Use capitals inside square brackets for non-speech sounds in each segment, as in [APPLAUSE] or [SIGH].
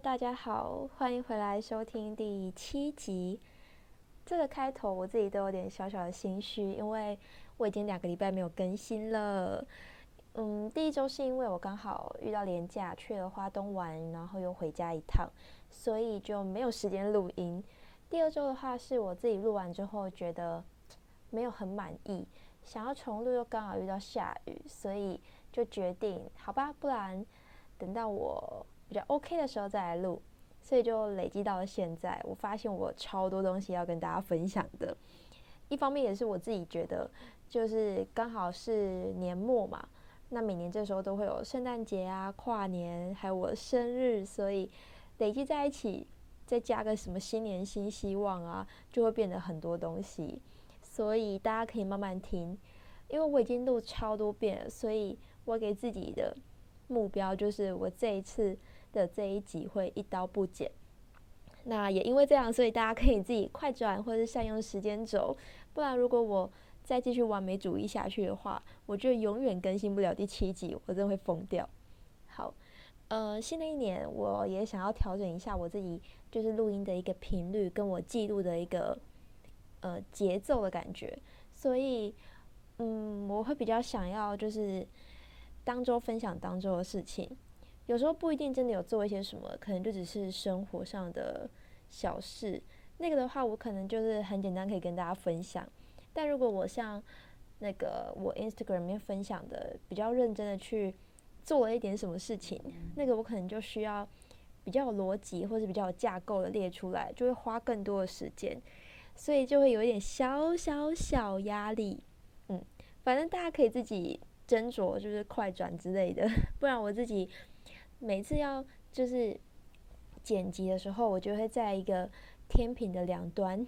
大家好，歡迎回來收聽第七集。這個開頭我自己都有點小小的心虛，因為我已經兩個禮拜沒有更新了。嗯，第一周是因為我剛好遇到連假，去了花東玩，然後又回家一趟，所以就沒有時間錄音。第二周的話，是我自己錄完之後覺得沒有很滿意，想要重錄，又剛好遇到下雨，所以就決定好吧，不然等到我比較 OK 的時候再來錄，所以就累積到了現在。我發現我超多東西要跟大家分享的，一方面也是我自己覺得，就是剛好是年末嘛，那每年這時候都會有聖誕節啊、跨年，還有我生日，所以累積在一起，再加個什麼新年新希望啊，就會變得很多東西。所以大家可以慢慢聽，因為我已經錄超多遍了，所以我給自己的。目標就是我這一次的這一集會一刀不剪。那也因為這樣，所以大家可以自己快轉或者是善用時間軸。不然，如果我再繼續完美主義下去的話，我就永遠更新不了第七集，我真的會瘋掉。好，呃，新的一年我也想要調整一下我自己，就是錄音的一個頻率，跟我記錄的一個呃節奏的感覺。所以，嗯，我會比較想要就是。當週分享當週的事情，有時候不一定真的有做一些什麼，可能就只是生活上的小事。那個的話，我可能就是很簡單可以跟大家分享。但如果我像那個我 Instagram 裡面分享的，比較認真的去做了一點什麼事情，那個我可能就需要比較有邏輯，或是比較有架構的列出來，就會花更多的時間，所以就會有一點小小小壓力。嗯，反正大家可以自己。斟酌，就是快轉之類的，不然我自己每次要就是剪輯的時候，我就會在一個天平的兩端，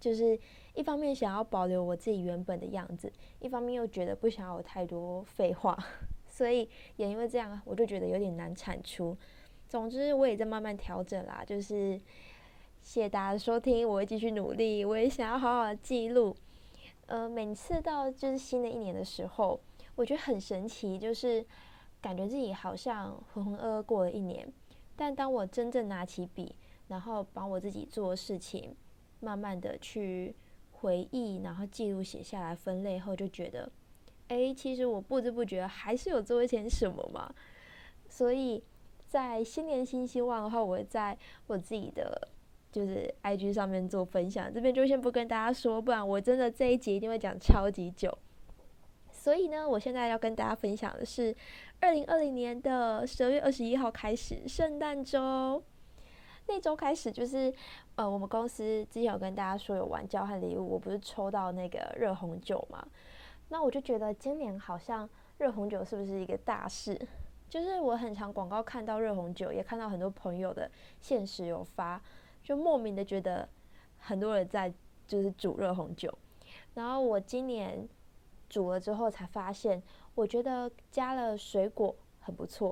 就是一方面想要保留我自己原本的樣子，一方面又覺得不想有太多廢話，所以也因為這樣，我就覺得有點難產出。總之，我也在慢慢調整啦，就是謝大家收聽，我會繼續努力，我也想要好好的記錄。呃，每次到就是新的一年的時候。我覺得很神奇，就是感覺自己好像渾渾噩噩過了一年，但當我真正拿起筆，然後把我自己做的事情，慢慢的去回憶，然後記錄寫下來分類後，就覺得，哎，其實我不知不覺還是有做一些什麼嘛。所以在新年新希望的話，我會在我自己的就是 IG 上面做分享，這邊就先不跟大家說，不然我真的這一集一定會講超級久。所以呢，我現在要跟大家分享的是，二零二零年的十二月二十一號開始，聖誕周那周開始，就是呃，我們公司之前有跟大家說有玩交換禮物，我不是抽到那個熱紅酒嘛，那我就覺得今年好像熱紅酒是不是一個大事？就是我很常廣告看到熱紅酒，也看到很多朋友的現實有發，就莫名的覺得很多人在就是煮熱紅酒，然後我今年。煮了之後才發現，我覺得加了水果很不錯，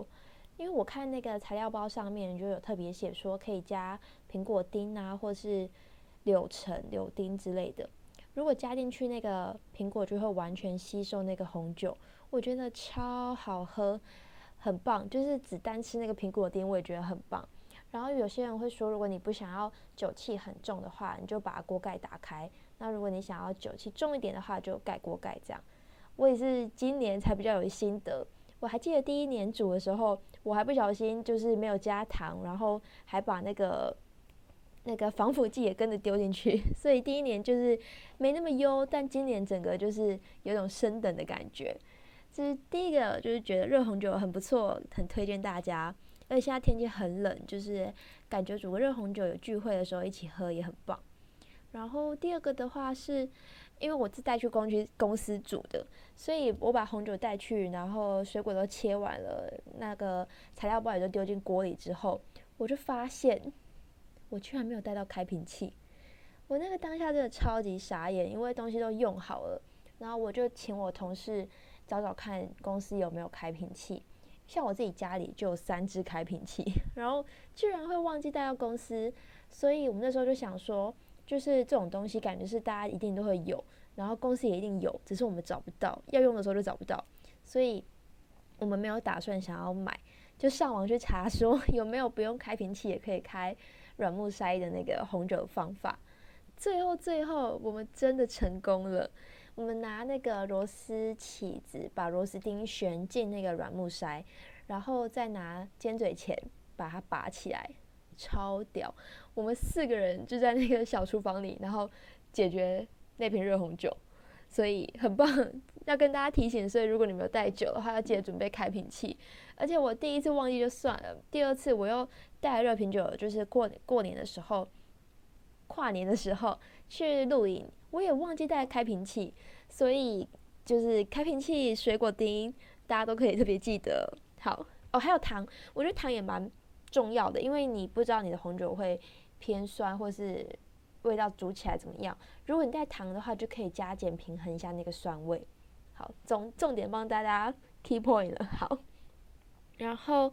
因為我看那個材料包上面就有特別寫說可以加蘋果丁啊，或是柳橙、柳丁之類的。如果加進去那個蘋果，就會完全吸收那個紅酒，我覺得超好喝，很棒。就是只單吃那個蘋果丁，我也覺得很棒。然後有些人會說，如果你不想要酒氣很重的話，你就把鍋蓋打開；那如果你想要酒氣重一點的話，就蓋鍋蓋這樣。我也是今年才比較有心得，我還記得第一年煮的時候，我還不小心就是沒有加糖，然後還把那個那個防腐劑也跟着丟進去，所以第一年就是沒那麼優。但今年整個就是有種升等的感覺，這、就是第一個，就是覺得熱紅酒很不錯，很推薦大家。而且現在天氣很冷，就是感覺煮個熱紅酒，有聚會的時候一起喝也很棒。然後第二個的話是。因為我是帶去公司，公司煮的，所以我把紅酒帶去，然後水果都切完了，那個材料包也都丟進鍋裡之後，我就發現我居然沒有帶到開瓶器。我那個當下真的超級傻眼，因為東西都用好了，然後我就請我同事找找看公司有沒有開瓶器。像我自己家裡就有三隻開瓶器，然後居然會忘記帶到公司，所以我們那時候就想說。就是這種東西，感覺是大家一定都會有，然後公司也一定有，只是我們找不到，要用的時候就找不到，所以我們沒有打算想要買，就上網去查說有沒有不用開瓶器也可以開軟木塞的那個紅酒方法。最後最後，我們真的成功了，我們拿那個螺絲起子把螺絲釘旋進那個軟木塞，然後再拿尖嘴鉗把它拔起來。超屌！我們四個人就在那個小廚房裡，然後解決那瓶熱紅酒，所以很棒。要跟大家提醒，所以如果你沒有帶酒的話，要記得準備開瓶器。而且我第一次忘記就算了，第二次我又帶了帶熱瓶酒，就是過過年的時候，跨年的時候去露營，我也忘記帶開瓶器，所以就是開瓶器、水果丁，大家都可以特別記得。好哦，還有糖，我覺得糖也蠻。重要的，因為你不知道你的紅酒會偏酸，或是味道煮起來怎麼樣。如果你帶糖的話，就可以加減平衡一下那個酸味。好，總重點幫大家 key point 了。好，然後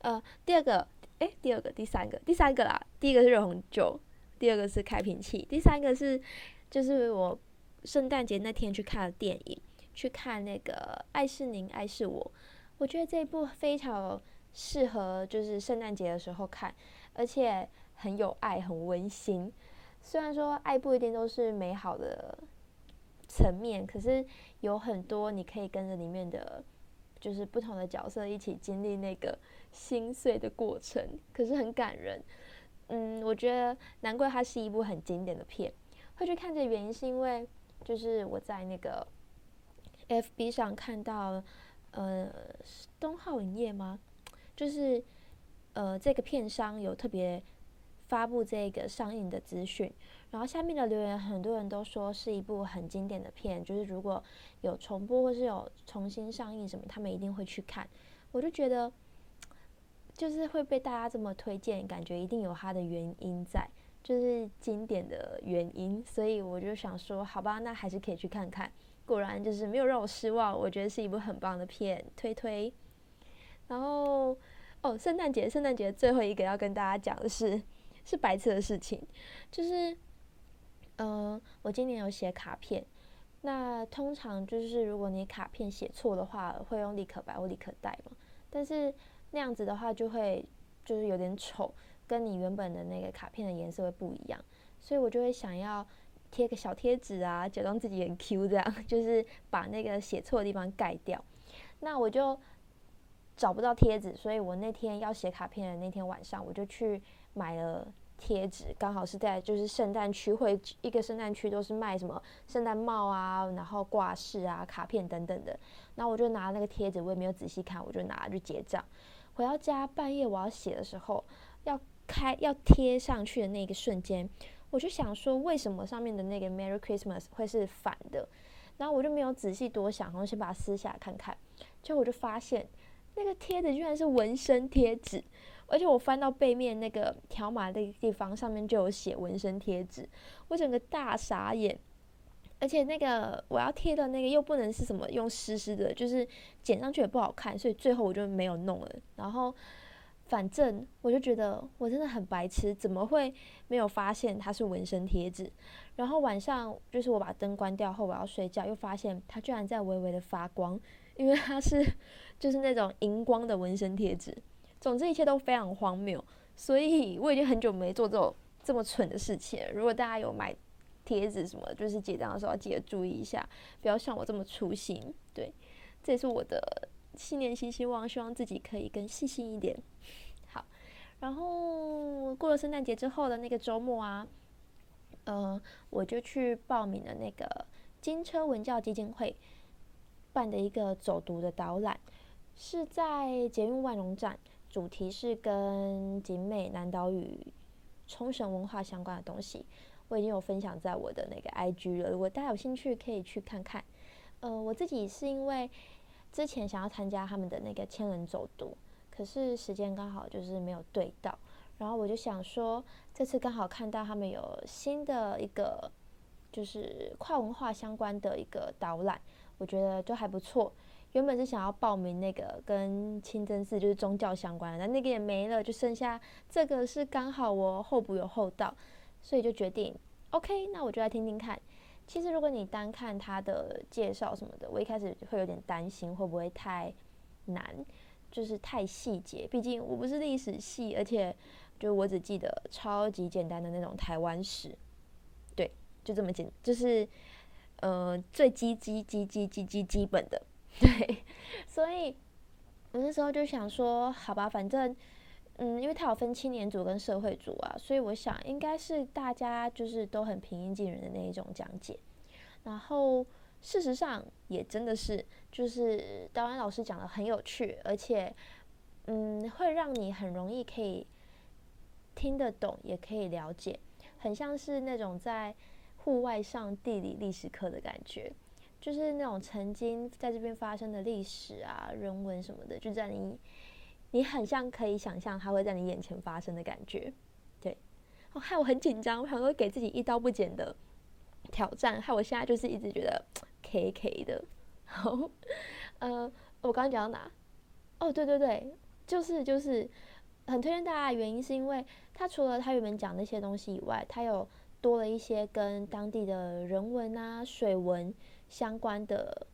呃，第二個，哎、欸，第二個，第三個，第三個啦。第一個是熱紅酒，第二個是開瓶器，第三個是就是我聖誕節那天去看電影，去看那個《愛是您，愛是我》，我覺得這一部非常。適合就是聖誕節的時候看，而且很有愛，很溫馨。雖然說愛不一定都是美好的層面，可是有很多你可以跟着裡面的，就是不同的角色一起經歷那個心碎的過程，可是很感人。嗯，我覺得難怪它是一部很經典的片。會去看的原因是因為，就是我在那個 FB 上看到，呃，東浩影業嗎？就是，呃，這個片商有特別發布這個上映的資訊，然後下面的留言很多人都說是一部很經典的片，就是如果有重播或是有重新上映什麼，他們一定會去看。我就覺得，就是會被大家這麼推薦，感覺一定有它的原因在，就是經典的原因。所以我就想說，好吧，那還是可以去看看。果然就是沒有讓我失望，我覺得是一部很棒的片，推推。然後，哦，聖誕節，聖誕節最後一個要跟大家講的是，是白痴的事情，就是，嗯、呃，我今年有寫卡片，那通常就是如果你卡片寫錯的話，會用立可白或立可帶嘛，但是那樣子的話就會就是有點醜，跟你原本的那個卡片的顏色會不一樣，所以我就會想要貼個小貼紙啊，假裝自己很 Q 這樣，就是把那個寫錯的地方蓋掉，那我就。找不到貼紙，所以我那天要寫卡片的那天晚上，我就去買了貼紙，剛好是在就是聖誕區會一個聖誕區都是賣什麼聖誕帽啊，然後掛飾啊、卡片等等的。那我就拿那個貼紙，我也沒有仔細看，我就拿去結賬。回到家半夜我要寫的時候，要開要貼上去的那個瞬間，我就想說為什麼上面的那個 Merry Christmas 會是反的？然後我就沒有仔細多想，然後先把它撕下來看看，結果我就發現。那個貼紙居然是紋身貼紙，而且我翻到背面那個條碼的那個地方，上面就有寫紋身貼紙，我整個大傻眼。而且那個我要貼的那個又不能是什麼用濕濕的，就是剪上去也不好看，所以最後我就沒有弄了。然後反正我就覺得我真的很白痴，怎麼會沒有發現它是紋身貼紙？然後晚上就是我把燈關掉後我要睡覺，又發現它居然在微微的發光，因為它是。就是那種熒光的紋身貼紙，總之一切都非常荒謬，所以我已經很久沒做這種這麼蠢的事情了。如果大家有買貼紙什麼的，就是結賬的時候要記得注意一下，不要像我這麼粗心。對，這也是我的新年新希望，希望自己可以更細心一點。好，然後過了聖誕節之後的那個周末啊，呃，我就去報名了那個金車文教基金會辦的一個走讀的導覽。是在捷運萬隆站，主題是跟景美南島與沖繩文化相關的東西，我已經有分享在我的那個 IG 了，如果大家有興趣可以去看看。呃，我自己是因為之前想要參加他們的那個千人走讀，可是時間剛好就是沒有對到，然後我就想說這次剛好看到他們有新的一個就是跨文化相關的一個導覽，我覺得都還不錯。原本是想要報名那個跟清真寺就是宗教相關的，但那個也沒了，就剩下這個是剛好我候補有候到，所以就決定 OK，那我就來聽聽看。其實如果你單看他的介紹什麼的，我一開始會有點擔心會不會太難，就是太細節，畢竟我不是歷史系，而且就我只記得超級簡單的那種台灣史，對，就這麼簡單，就是呃最基基基基基基基本的。對，所以我那時候就想說，好吧，反正，嗯，因為他有分青年組跟社會組啊，所以我想應該是大家就是都很平易近人的那一種講解。然後事實上也真的是，就是導演老師講的很有趣，而且，嗯，會讓你很容易可以聽得懂，也可以了解，很像是那種在戶外上地理歷史課的感覺。就是那種曾經在這邊發生的歷史啊、人文什麼的，就在你，你很像可以想象它會在你眼前發生的感覺，對。哦，害我很緊張，我想說給自己一刀不剪的挑戰，害我現在就是一直覺得 KK 的。好，呃，嗯，我剛剛講到哪？哦，對對對，就是就是，很推薦大家的原因是因為它除了它原本講的那些東西以外，它有多了一些跟當地的人文啊、水文。相關的，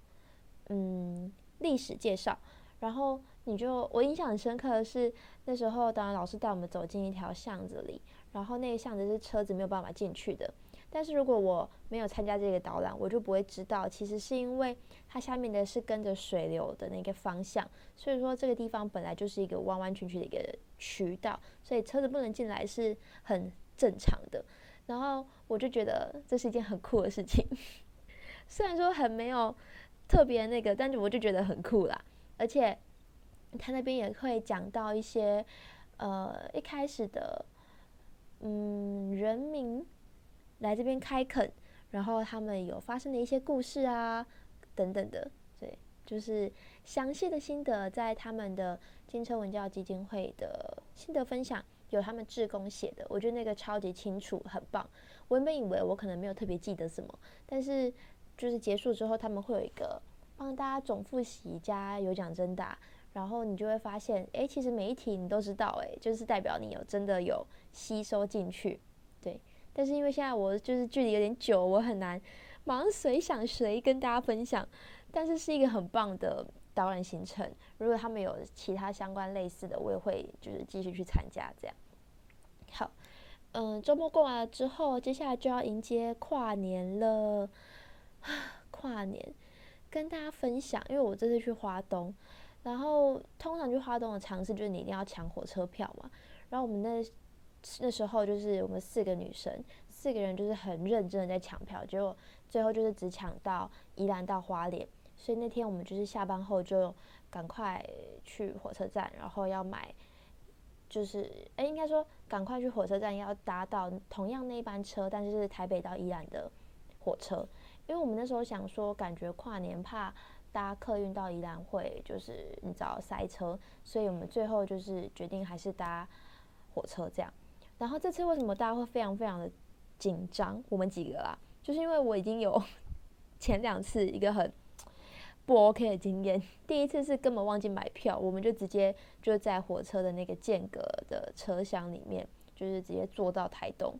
嗯，歷史介紹，然後你就我印象很深刻的是，那時候當然老師帶我們走進一條巷子裡，然後那個巷子是車子沒有辦法進去的。但是如果我沒有參加這個導覽，我就不會知道，其實是因為它下面的是跟着水流的那個方向，所以說這個地方本來就是一個彎彎曲曲的一個渠道，所以車子不能進來是很正常的。然後我就覺得這是一件很酷的事情。雖然說很沒有特別那個，但是我就覺得很酷啦。而且他那邊也會講到一些，呃，一開始的，嗯，人民來這邊開墾，然後他們有發生的一些故事啊，等等的。對，就是詳細的心得，在他們的金車文教基金會的心得分享，有他們志工寫的，我覺得那個超級清楚，很棒。我原本以為我可能沒有特別記得什麼，但是。就是結束之後，他們會有一個幫大家總複習加有獎徵答、啊，然後你就會發現，哎、欸，其實每一題你都知道、欸，哎，就是代表你有真的有吸收進去，對。但是因為現在我就是距離有點久，我很難忙隨想隨跟大家分享。但是是一個很棒的導覽行程。如果他們有其他相關類似的，我也會就是繼續去參加這樣。好，嗯，週末過完了之後，接下來就要迎接跨年了。啊，跨年跟大家分享，因為我這次去花東，然後通常去花東的嘗試就是你一定要搶火車票嘛。然後我們那那時候就是我們四個女生，四個人就是很認真的在搶票，結果最後就是只搶到宜蘭到花蓮。所以那天我們就是下班後就趕快去火車站，然後要買就是哎，欸、應該說趕快去火車站要搭到同樣那一班車，但是是台北到宜蘭的火車。因為我們那時候想說，感覺跨年怕搭客運到宜蘭會就是你知道塞車，所以我們最後就是決定還是搭火車這樣。然後這次為什麼大家會非常非常的緊張？我們幾個啦，就是因為我已經有前兩次一個很不 OK 的經驗。第一次是根本忘記買票，我們就直接就在火車的那個間隔的車廂裡面，就是直接坐到台東，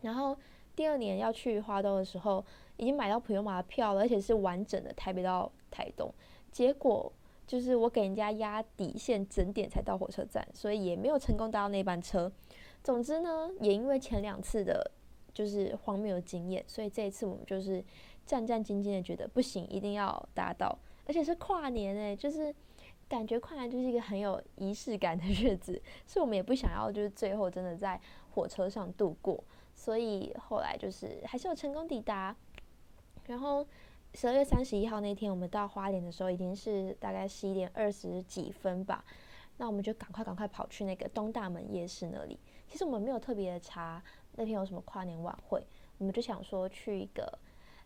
然後。第二年要去花東的時候，已經買到普悠瑪的票了，而且是完整的台北到台東。結果就是我給人家壓底線整點才到火車站，所以也沒有成功搭到那班車。總之呢，也因為前兩次的就是荒謬的經驗，所以這一次我們就是戰戰兢兢的覺得不行，一定要搭到，而且是跨年誒，就是感覺跨年就是一個很有儀式感的日子，所以我們也不想要就是最後真的在火車上度過。所以後來就是還是有成功抵達，然後十二月三十一號那天，我們到花蓮的時候已經是大概十一點二十幾分吧，那我們就趕快趕快跑去那個東大門夜市那裡。其實我們沒有特別的查那天有什麼跨年晚會，我們就想說去一個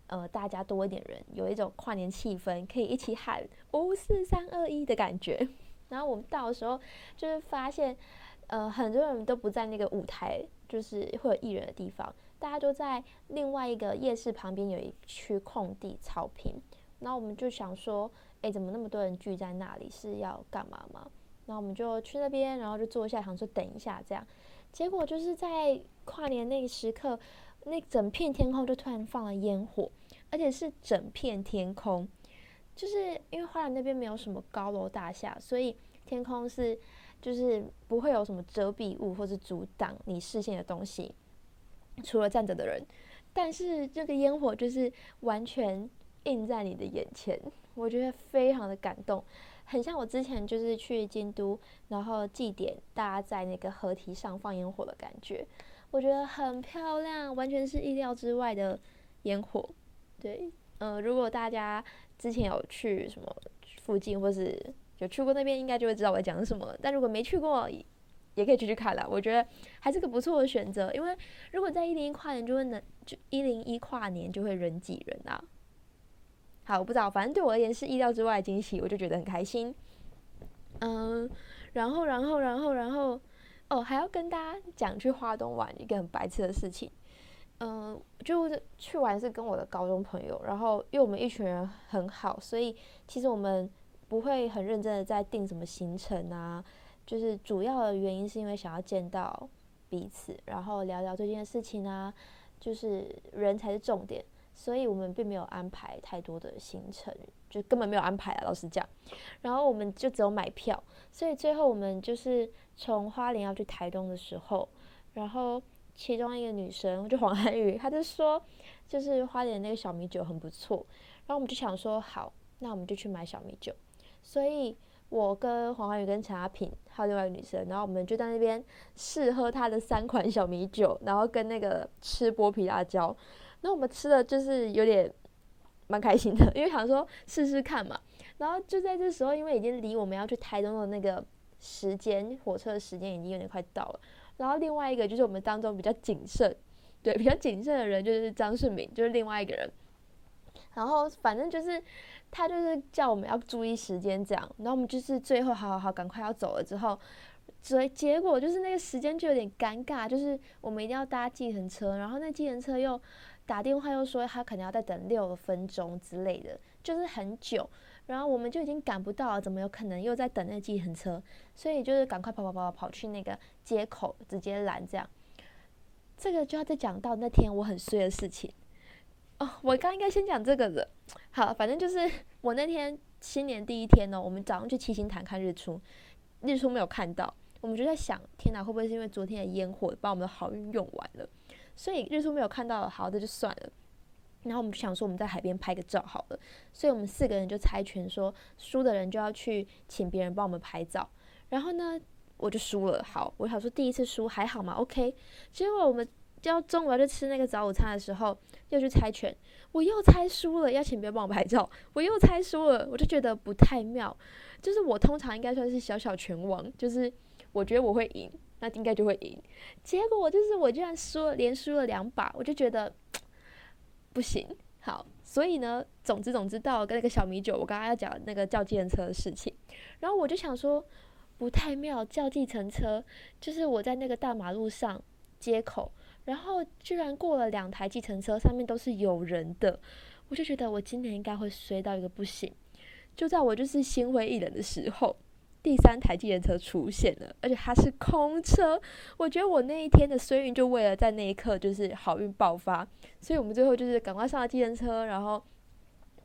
呃，大家多一點人，有一種跨年氣氛，可以一起喊五四三二一的感覺。然後我們到的時候，就是發現呃很多人都不在那個舞台，就是會有藝人的地方，大家都在另外一個夜市旁邊，有一區空地草坪，那我們就想說，哎、欸，怎麼那麼多人聚在那裡是要幹嘛嗎？那我們就去那邊，然後就坐一下，想說等一下這樣，結果就是在跨年那個時刻，那整片天空就突然放了煙火，而且是整片天空，就是因為花蓮那邊沒有什麼高樓大廈，所以天空是。就是不會有什麼遮蔽物，或是阻擋你視線的東西，除了站着的人。但是這個煙火就是完全映在你的眼前，我覺得非常的感動，很像我之前就是去京都，然後祭典，大家在那個河堤上放煙火的感覺，我覺得很漂亮，完全是意料之外的煙火。對，呃，如果大家之前有去什麼附近或是。就去過那邊，應該就會知道我在講什麼。但如果沒去過，也可以去去看啦。我覺得還是個不錯的選擇，因為如果在一零一跨年就會難，就一零一跨年就會人擠人啊。好，我不知道，反正對我而言是意料之外的驚喜，我就覺得很開心。嗯，然後，然後，然後，然後，哦，還要跟大家講去花東玩一個很白痴的事情。嗯，就去玩是跟我的高中朋友，然後因為我們一群人很好，所以其實我們。不會很認真的在定什麼行程啊，就是主要的原因是因為想要見到彼此，然後聊聊這件事情啊，就是人才是重點，所以我們並沒有安排太多的行程，就根本沒有安排啊，老實講。然後我們就只有買票，所以最後我們就是從花蓮要去台東的時候，然後其中一個女生就黃涵宇，她就說就是花蓮那個小米酒很不錯，然後我們就想說好，那我們就去買小米酒。所以，我跟黃華宇、跟陳阿平還有另外一個女生，然後我們就在那邊試喝他的三款小米酒，然後跟那個吃剝皮辣椒。那我們吃的就是有點蠻開心的，因為想說試試看嘛。然後就在這時候，因為已經離我們要去台東的那個時間，火車的時間已經有點快到了。然後另外一個就是我們當中比較謹慎，對，比較謹慎的人就是張世明，就是另外一個人。然後反正就是，他就是叫我們要注意時間這樣，然後我們就是最後好好好趕快要走了之後，所以結果就是那個時間就有點尷尬，就是我們一定要搭計程車，然後那計程車又打電話又說他可能要再等六分鐘之類的，就是很久，然後我們就已經趕不到，怎麼有可能又在等那計程車？所以就是趕快跑跑跑跑去那個街口直接攔這樣，這個就要再講到那天我很衰的事情。哦，oh, 我剛剛應該先講這個的。好，反正就是我那天新年第一天呢，我們早上去七星潭看日出，日出沒有看到，我們就在想，天哪，會不會是因為昨天的煙火把我們的好運用完了？所以日出沒有看到，好，那就算了。然後我們就想說，我們在海邊拍個照好了，所以我們四個人就猜拳說，說輸的人就要去請別人幫我們拍照。然後呢，我就輸了，好，我想說第一次輸還好嘛，OK。結果我們。要中午要去吃那個早午餐的時候，又去猜拳，我又猜輸了，要請別人幫我拍照，我又猜輸了，我就覺得不太妙。就是我通常應該算是小小拳王，就是我覺得我會贏，那應該就會贏，結果我就是我居然輸了，連輸了兩把，我就覺得不行。好，所以呢，總之總之到跟那個小米酒，我剛剛要講那個叫計程車的事情，然後我就想說不太妙，叫計程車就是我在那個大馬路上街口。然後居然過了兩台計程車，上面都是有人的，我就覺得我今年應該會衰到一個不行。就在我就是心灰意冷的時候，第三台計程車出現了，而且它是空車。我覺得我那一天的衰運就為了在那一刻就是好運爆發，所以我們最後就是趕快上了計程車，然後。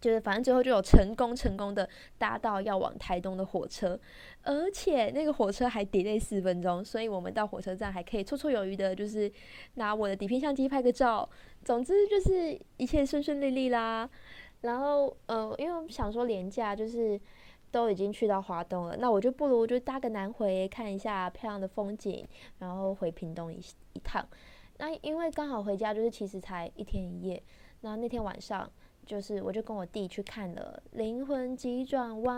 就是反正最後就有成功成功的搭到要往台東的火車，而且那個火車還 delay 四分鐘，所以我們到火車站還可以綽綽有餘的，就是拿我的底片相機拍個照。總之就是一切順順利利啦。然後嗯、呃，因為我想說連假，就是都已經去到花東了，那我就不如就搭個南回看一下漂亮的風景，然後回屏東一一趟。那因為剛好回家，就是其實才一天一夜。那那天晚上。就是，我就跟我弟去看了《靈魂急轉彎》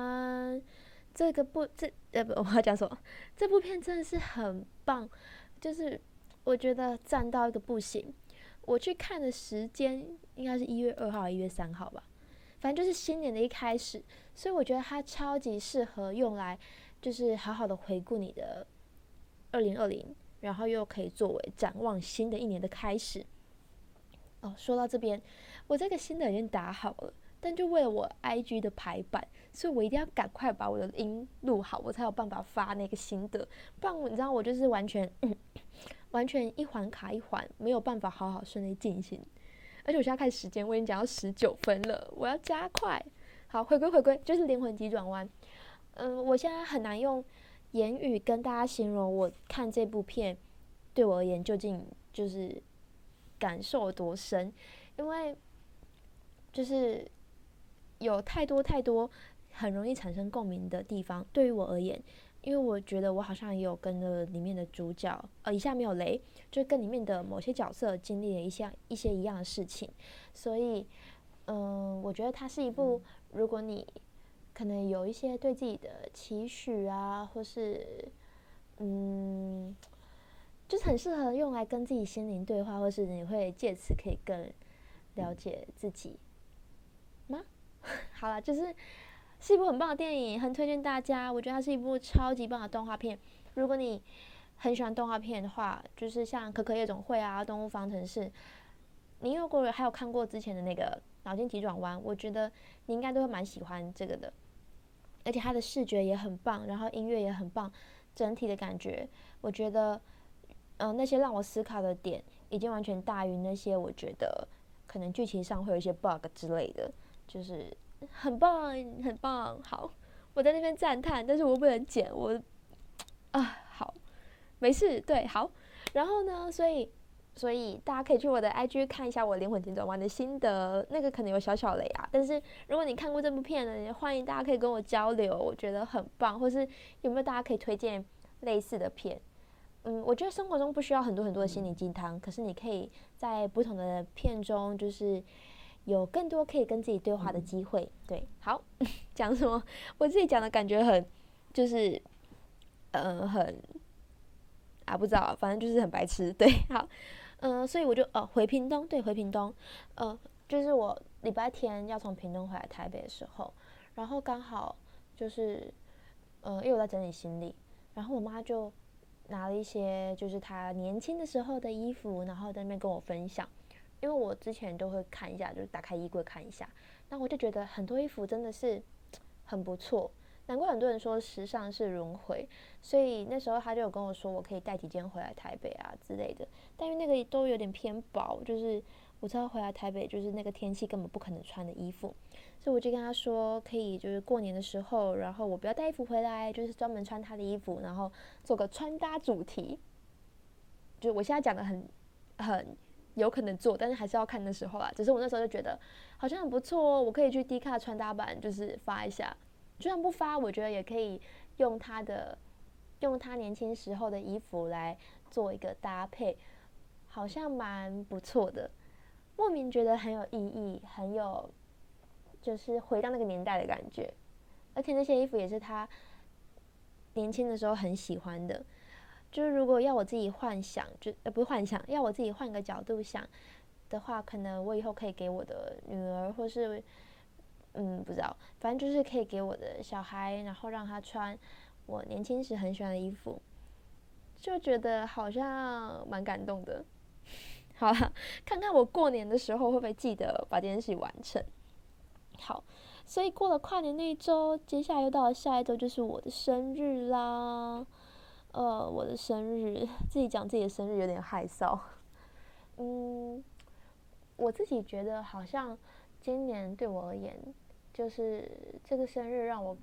這個部，這呃不，我要講說，這部片真的是很棒，就是我覺得讚到一個不行。我去看的時間應該是一月二號、一月三號吧，反正就是新年的一開始，所以我覺得它超級適合用來，就是好好的回顧你的二零二零，然後又可以作為展望新的一年的開始。哦，說到這邊。我這個心得已經打好了，但就為了我 I G 的排版，所以我一定要趕快把我的音錄好，我才有辦法發那個心得。不然，你知道我就是完全、嗯、完全一環卡一環，沒有辦法好好順利進行。而且我現在看時間，我已經講到十九分了，我要加快。好，回歸回歸，就是靈魂急轉彎。嗯、呃，我現在很難用言語跟大家形容我看這部片對我而言究竟就是感受有多深，因為。就是有太多太多很容易產生共鳴的地方。對於我而言，因為我覺得我好像也有跟了裡面的主角，呃，以下沒有雷，就跟裡面的某些角色經歷了一些一些一樣的事情。所以，嗯，我覺得它是一部如果你可能有一些對自己的期許啊，或是嗯，就是很適合用來跟自己心靈對話，或是你會借此可以更了解自己。嗎？ [LAUGHS] 好了，就是是一部很棒的電影，很推薦大家。我覺得它是一部超級棒的動畫片。如果你很喜歡動畫片的話，就是像《可可夜總會》啊，《動物方程式》，你如果還有看過之前的那個《腦筋急轉彎》，我覺得你應該都會蠻喜歡這個的。而且它的視覺也很棒，然後音樂也很棒，整體的感覺，我覺得，嗯、呃，那些讓我思考的點，已經完全大於那些我覺得可能劇情上會有一些 bug 之類的。就是很棒，很棒，好，我在那邊讚嘆，但是我不能剪，我啊、呃，好，沒事，對，好，然後呢，所以，所以大家可以去我的 IG 看一下我《靈魂急轉彎》的心得，那個可能有小小雷啊，但是如果你看過這部片呢，也歡迎大家可以跟我交流，我覺得很棒，或是有沒有大家可以推薦類似的片？嗯，我覺得生活中不需要很多很多的心靈雞湯，嗯、可是你可以在不同的片中，就是。有更多可以跟自己對話的機會，嗯、對，好，講 [LAUGHS] 什麼？我自己講的感覺很，就是，嗯、呃，很，啊，不知道、啊，反正就是很白痴，對，好，嗯、呃，所以我就，哦、呃，回屏東，對，回屏東，嗯、呃，就是我禮拜天要從屏東回來台北的時候，然後剛好就是，嗯、呃，因為我在整理行李，然後我媽就拿了一些就是她年輕的時候的衣服，然後在那邊跟我分享。因為我之前都會看一下，就是打開衣櫃看一下，那我就覺得很多衣服真的是很不錯，難怪很多人說時尚是輪迴。所以那時候他就有跟我說，我可以帶幾件回來台北啊之類的。但是那個都有點偏薄，就是我只要回來台北，就是那個天氣根本不可能穿的衣服。所以我就跟他說，可以就是過年的時候，然後我不要帶衣服回來，就是專門穿他的衣服，然後做個穿搭主題。就是我現在講的很很。很有可能做，但是還是要看那時候啦。只是我那時候就覺得好像很不錯哦，我可以去 Dcard 穿搭版就是發一下，就算不發，我覺得也可以用他的用他年輕時候的衣服來做一個搭配，好像蠻不錯的。莫名覺得很有意義，很有就是回到那個年代的感覺，而且那些衣服也是他年輕的時候很喜歡的。就是如果要我自己幻想，就、呃、不是幻想，要我自己換個角度想的話，可能我以後可以給我的女兒，或是嗯，不知道，反正就是可以給我的小孩，然後讓他穿我年輕時很喜歡的衣服，就覺得好像蠻感動的。好啦，看看我過年的時候會不會記得把這件事完成。好，所以過了跨年那一周，接下來又到了下一周，就是我的生日啦。呃，我的生日自己講自己的生日有點害臊。， [LAUGHS] 嗯，我自己覺得好像今年對我而言，就是這個生日讓我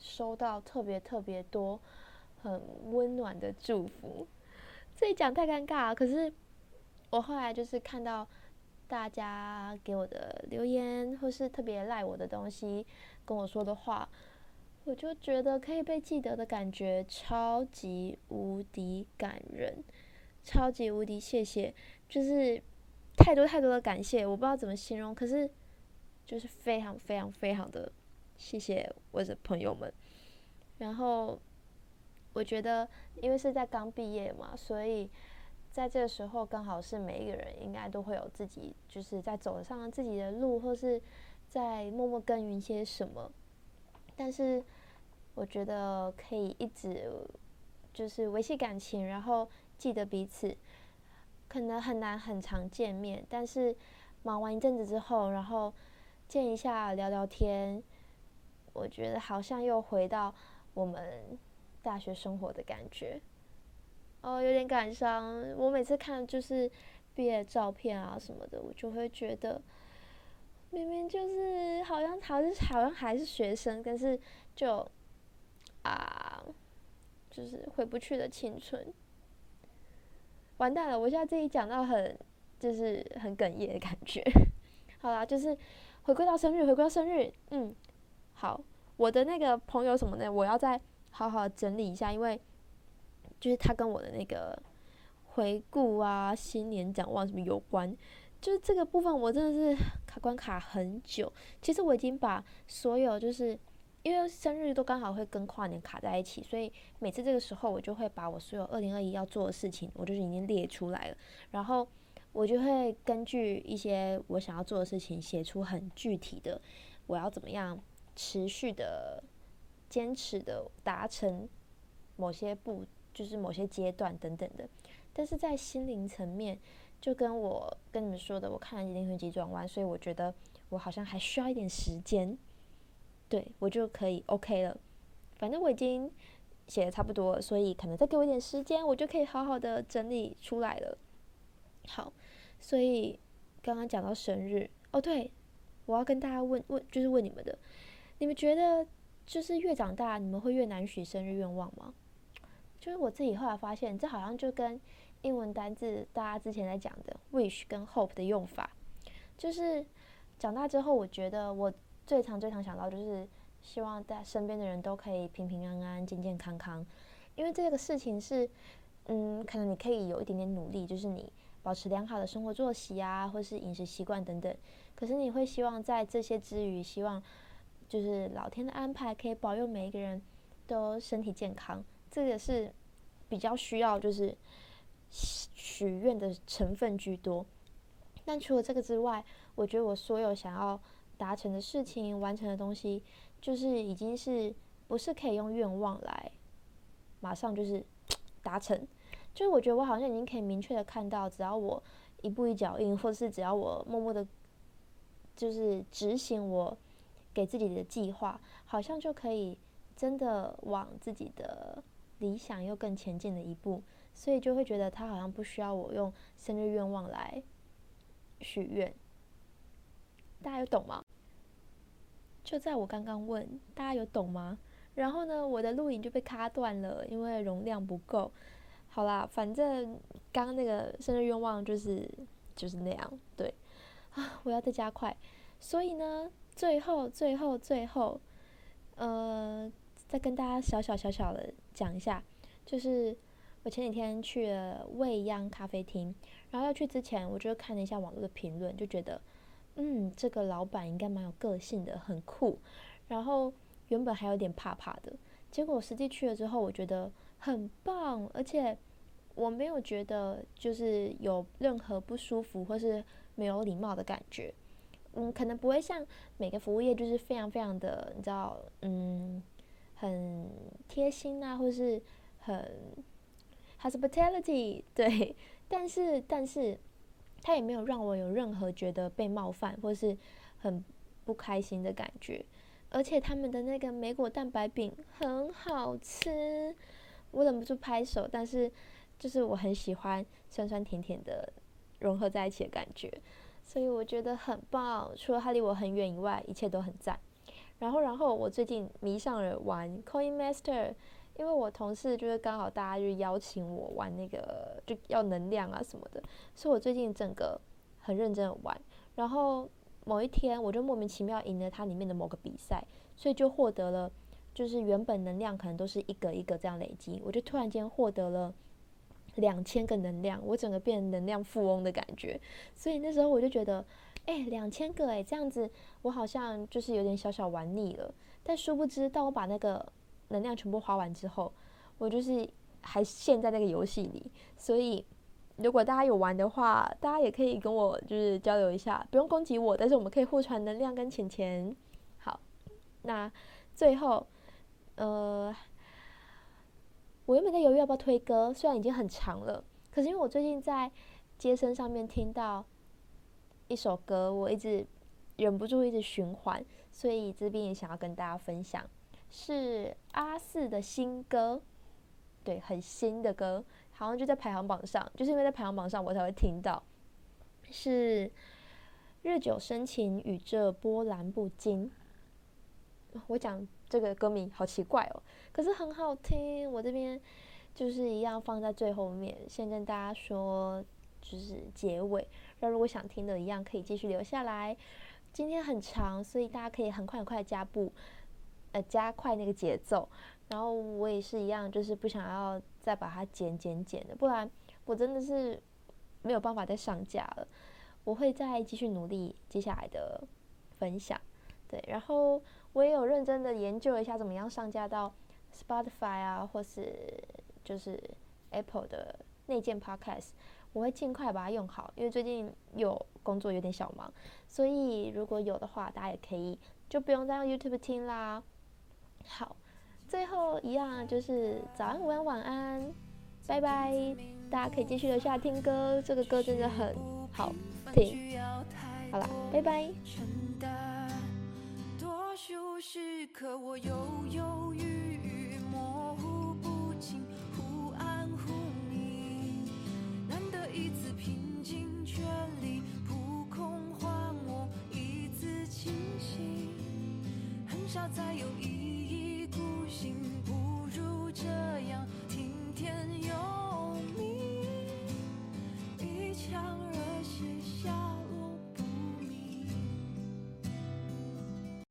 收到特別特別多很溫暖的祝福。自己講太尷尬，可是我後來就是看到大家給我的留言或是特別賴我的東西跟我說的話，我就覺得可以被記得的感覺超級無敵感人，超級無敵謝謝，就是太多太多的感謝，我不知道怎麼形容，可是就是非常非常非常的謝謝我的朋友們。然後我覺得，因為是在剛畢業嘛，所以在這個時候剛好是每一個人應該都會有自己，就是在走上自己的路，或是在默默耕耘些什麼，但是。我覺得可以一直就是維繫感情，然後記得彼此，可能很難很常見面，但是忙完一陣子之後，然後見一下聊聊天，我覺得好像又回到我們大學生活的感覺，哦，有點感傷。我每次看就是畢業照片啊什麼的，我就會覺得明明就是好像好像好像還是學生，但是就。啊，就是回不去的青春，完蛋了！我現在自己講到很，就是很哽咽的感覺。好啦，就是回歸到生日，回歸到生日，嗯，好，我的那個朋友什麼呢？我要再好好整理一下，因為就是他跟我的那個回顧啊、新年展望什麼有關，就是這個部分我真的是卡關卡很久。其實我已經把所有就是。因為生日都剛好會跟跨年卡在一起，所以每次這個時候我就會把我所有二零二一要做的事情，我就是已經列出來了，然後我就會根據一些我想要做的事情，寫出很具體的，我要怎麼樣持續的堅持的達成某些步，就是某些階段等等的。但是在心靈層面，就跟我跟你們說的，我看了靈魂急轉彎，所以我覺得我好像還需要一點時間。對我就可以 OK 了，反正我已經寫的差不多了，所以可能再給我一點時間，我就可以好好的整理出來了。好，所以剛剛講到生日哦，對，我要跟大家問問，就是問你們的，你們覺得就是越長大，你們會越難許生日願望嗎？就是我自己後來發現，這好像就跟英文單字大家之前在講的 wish 跟 hope 的用法，就是長大之後，我覺得我。最常、最常想到就是希望大家身邊的人都可以平平安安、健健康康，因為這個事情是，嗯，可能你可以有一點點努力，就是你保持良好的生活作息啊，或是飲食習慣等等。可是你會希望在這些之餘，希望就是老天的安排可以保佑每一個人都身體健康。這個是比較需要就是許願的成分居多。但除了這個之外，我覺得我所有想要。達成的事情，完成的東西，就是已經是不是可以用願望來，馬上就是達成，就是我覺得我好像已經可以明確的看到，只要我一步一腳印，或者是只要我默默的，就是執行我給自己的計劃，好像就可以真的往自己的理想又更前進了一步，所以就會覺得他好像不需要我用生日願望來許願，大家有懂嗎？就在我剛剛問大家有懂嗎？然後呢，我的錄影就被卡斷了，因為容量不夠。好啦，反正剛剛那個生日願望就是就是那樣，對啊，我要再加快。所以呢，最後最後最後，呃，再跟大家小，小小小小的講一下，就是我前幾天去了未央咖啡廳，然後要去之前，我就看了一下網絡的評論，就覺得。嗯，這個老板應該蠻有個性的，很酷。然後原本還有點怕怕的，結果實際去了之後，我覺得很棒，而且我沒有覺得就是有任何不舒服或是沒有禮貌的感覺。嗯，可能不會像每個服務業就是非常非常的，你知道，嗯，很貼心啊，或是很 hospitality。對，但是但是。他也沒有讓我有任何覺得被冒犯或是很不開心的感覺，而且他們的那個莓果蛋白餅很好吃，我忍不住拍手。但是就是我很喜歡酸酸甜甜的融合在一起的感覺，所以我覺得很棒。除了他離我很遠以外，一切都很讚。然後，然後我最近迷上了玩 Coin Master。因為我同事就是剛好大家就邀請我玩那個，就要能量啊什麼的，所以我最近整個很認真的玩，然後某一天我就莫名其妙贏了它，裡面的某個比賽，所以就獲得了就是原本能量可能都是一格一格這樣累積，我就突然間獲得了兩千個能量，我整個變成能量富翁的感覺，所以那時候我就覺得，欸，兩千個欸，這樣子我好像就是有點小小玩膩了，但殊不知到我把那個。能量全部花完之後，我就是還陷在那個遊戲裡。所以，如果大家有玩的話，大家也可以跟我就是交流一下，不用攻擊我，但是我們可以互傳能量跟錢錢。好，那最後，呃，我原本在猶豫要不要推歌，雖然已經很長了，可是因為我最近在街聲上面聽到一首歌，我一直忍不住一直循環，所以這邊也想要跟大家分享。是阿肆的新歌，對，很新的歌，好像就在排行榜上，就是因為在排行榜上，我才會聽到。是日久生情與這波瀾不驚，我講這個歌名好奇怪哦，可是很好聽。我這邊就是一樣放在最後面，先跟大家說就是結尾。那如果想聽的，一樣可以繼續留下來。今天很長，所以大家可以很快很快的加步。呃，加快那個節奏，然後我也是一樣，就是不想要再把它剪剪剪的，不然我真的是沒有辦法再上架了。我會再繼續努力接下來的分享，對，然後我也有認真的研究一下怎麼樣上架到 Spotify 啊，或是就是 Apple 的內建 Podcast，我會盡快把它用好，因為最近有工作有點小忙，所以如果有的話，大家也可以就不用再用 YouTube 聽啦。好最後一樣，啊，就是早安，午安晚安拜拜，大家可以繼續留下聽歌，這個歌真的很好聽好了拜拜。多數時刻我猶猶豫豫模不清忽暗忽明，一次拼盡全力撲空荒漠，一次清醒。很少再有一不行，不如這樣，聽天由命，一腔熱血消。